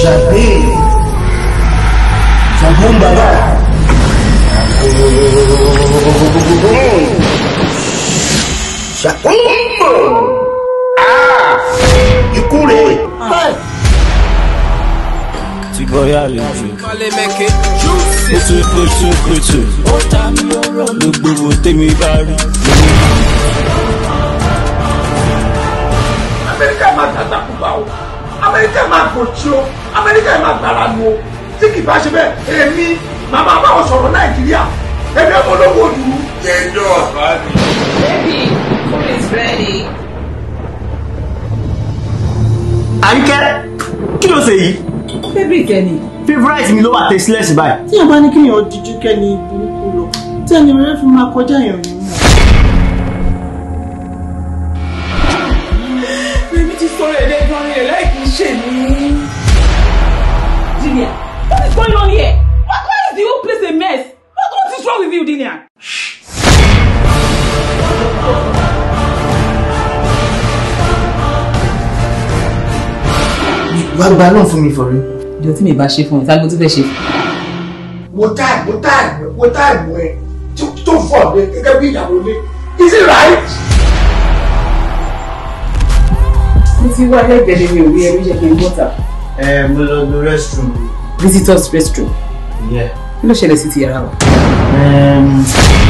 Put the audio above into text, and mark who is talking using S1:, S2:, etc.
S1: Syabil Sambung baba Syabil Ah Ikú rẹ̀ Ti bóyá lójú. Kùtù kùtù kùtù. Gbogbo wo tèmi bá rí. Amẹ́ríkà máa tàtàkùn bá o. Amẹ́ríkà máa kò tí o amẹ́ríkà yìí máa gbára nu o tí kì bá ṣe bẹ́ẹ̀ èmi màmá bá sọ̀rọ̀ nàìjíríà ẹgbẹ́ ọmọ olówó dùn. jẹjọ bá baby food is ready. àríkẹ́ kí ló ṣe yìí. bébí kẹ́ni. favourite mi ló wà tasteless báyìí. tí yàrá bá ní kí èèyàn díjú kẹ́ni burúkú lọ tí ẹni rẹ fi máa kọjá èèyàn nínú. Bébí ti sọ̀rọ̀ ẹ̀dẹ̀ gan rẹ̀ láì kí ń ṣèlú is going on here? What? why is the whole place a mess? What, what is wrong with you, Dinia? Wá gba náà fún mi for real. me. tí shift bá ṣe fún ẹ, tágbó tó fẹ́ ṣe. Wo táàgbó táàgbó wo táàgbó ẹ tó fọ̀ ọ́ gẹ́gẹ́ bí ìyàwó ilé. Is it right? You see wá lẹ́gbẹ̀ẹ́ getting me? rí ẹrú jẹ́ kí n bọ́ta. ẹ mo lọ restroom visitors restroom. kí ló ṣẹlẹ̀ sí ti yàrá wa. Um,